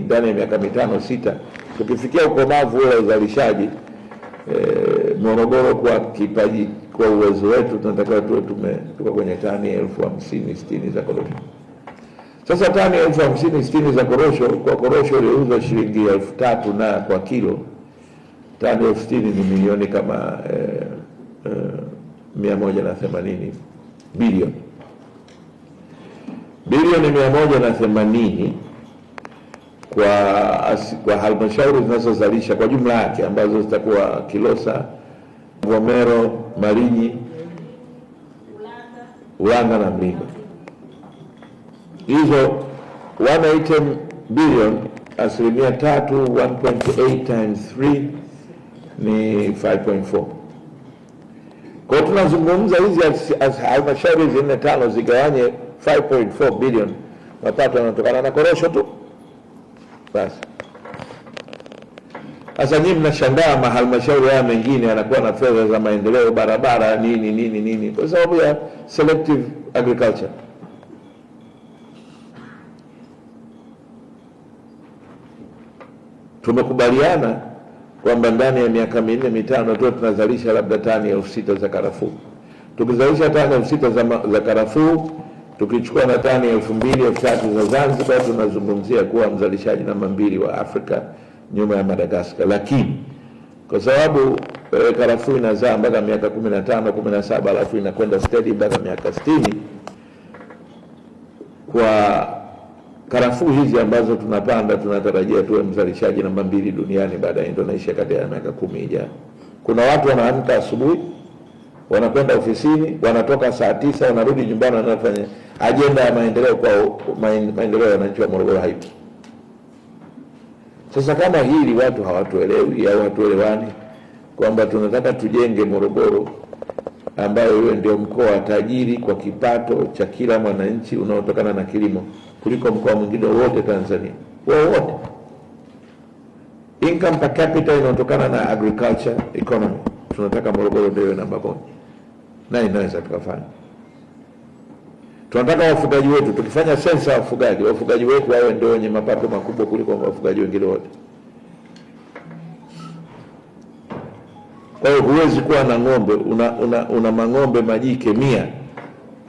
ndani ya miaka mitano sita, tukifikia ukomavu wa uzalishaji e, Morogoro kwa kipaji, kwa uwezo wetu tunatakiwa tuwe tumetoka kwenye tani elfu hamsini sitini za korosho. Sasa tani elfu hamsini sitini za korosho kwa korosho iliuzwa shilingi elfu tatu na kwa kilo tani elfu sitini ni milioni kama e, e, mia moja na themanini bilioni bilioni mia moja na themanini kwa, kwa halmashauri zinazozalisha kwa jumla yake ambazo zitakuwa Kilosa, Mvomero, Malinyi, Ulanga na Mlimba. Hizo 1.8 billion asilimia tatu 1.8 times 3 ni 5.4. Kwa tunazungumza hizi halmashauri hizi tano zigawanye 5.4 billion mapato yanatokana na korosho tu sasa. Sasa nyinyi mnashangaa mahalmashauri haya mengine yanakuwa na fedha za maendeleo, barabara, nini nini nini, kwa sababu ya selective agriculture. Tumekubaliana kwamba ndani ya miaka minne mitano tu tunazalisha labda tani elfu sita za karafuu. Tukizalisha tani elfu sita za, za karafuu Tukichukua na tani elfu mbili elfu tatu za Zanzibar, tunazungumzia kuwa mzalishaji namba mbili wa Afrika nyuma ya Madagaskar, lakini kwa sababu e, karafuu inazaa mpaka miaka kumi na tano kumi na saba alafu inakwenda steady mpaka miaka sitini kwa karafuu hizi ambazo tunapanda tunatarajia tuwe mzalishaji namba mbili duniani baada ya Indonesia kati ya miaka kumi ijayo. Kuna watu wanaamka asubuhi, wanakwenda ofisini, wanatoka saa tisa, wanarudi nyumbani, wanafanya ajenda ya maendeleo kwa maendeleo ya wananchi wa Morogoro haipo. Sasa kama hili watu hawatuelewi au hatuelewani kwamba tunataka tujenge Morogoro ambayo iwe ndio mkoa tajiri kwa kipato cha kila mwananchi unaotokana na kilimo kuliko mkoa mwingine wote Tanzania wowote, income per capita inaotokana na agriculture economy. Tunataka Morogoro ndio iwe namba moja, na inaweza tukafanya Tunataka wafugaji wetu, tukifanya sensa ya wafugaji, wafugaji wetu wawe ndio wenye mapato makubwa kuliko wafugaji wengine wote. Kwa hiyo huwezi kuwa na ng'ombe una, una, una mang'ombe majike mia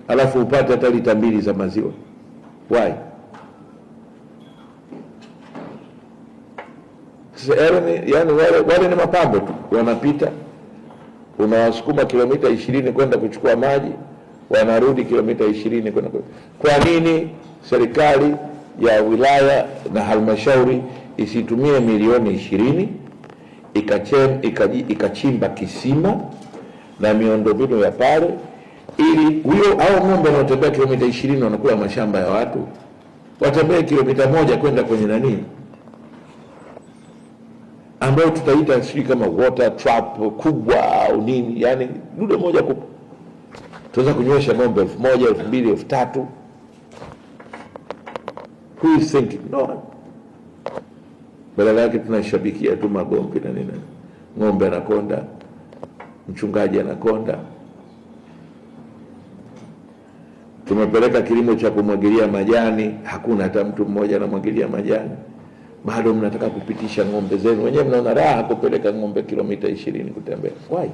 alafu upate hata lita mbili za maziwa wai. Yani wale, wale ni mapambo tu, wanapita unawasukuma kilomita ishirini kwenda kuchukua maji wanarudi kilomita ishirini kwenda. Kwa nini serikali ya wilaya na halmashauri isitumie milioni ishirini ikachimba kisima na miundombinu ya pale, ili huyo au ng'ombe wanaotembea kilomita ishirini wanakula mashamba ya watu, watembee kilomita moja kwenda kwenye nani ambayo tutaita sijui kama water trap kubwa au nini, yani dude moja kubwa tunaweza kunywesha ng'ombe elfu moja elfu mbili elfu tatu Who is thinking? No Badala yake tunashabikia tu magomvi na nini, ng'ombe anakonda, mchungaji anakonda. Tumepeleka kilimo cha kumwagilia majani, hakuna hata mtu mmoja anamwagilia majani. Bado mnataka kupitisha ng'ombe zenu, wenyewe mnaona raha kupeleka ng'ombe kilomita ishirini kutembea. Why?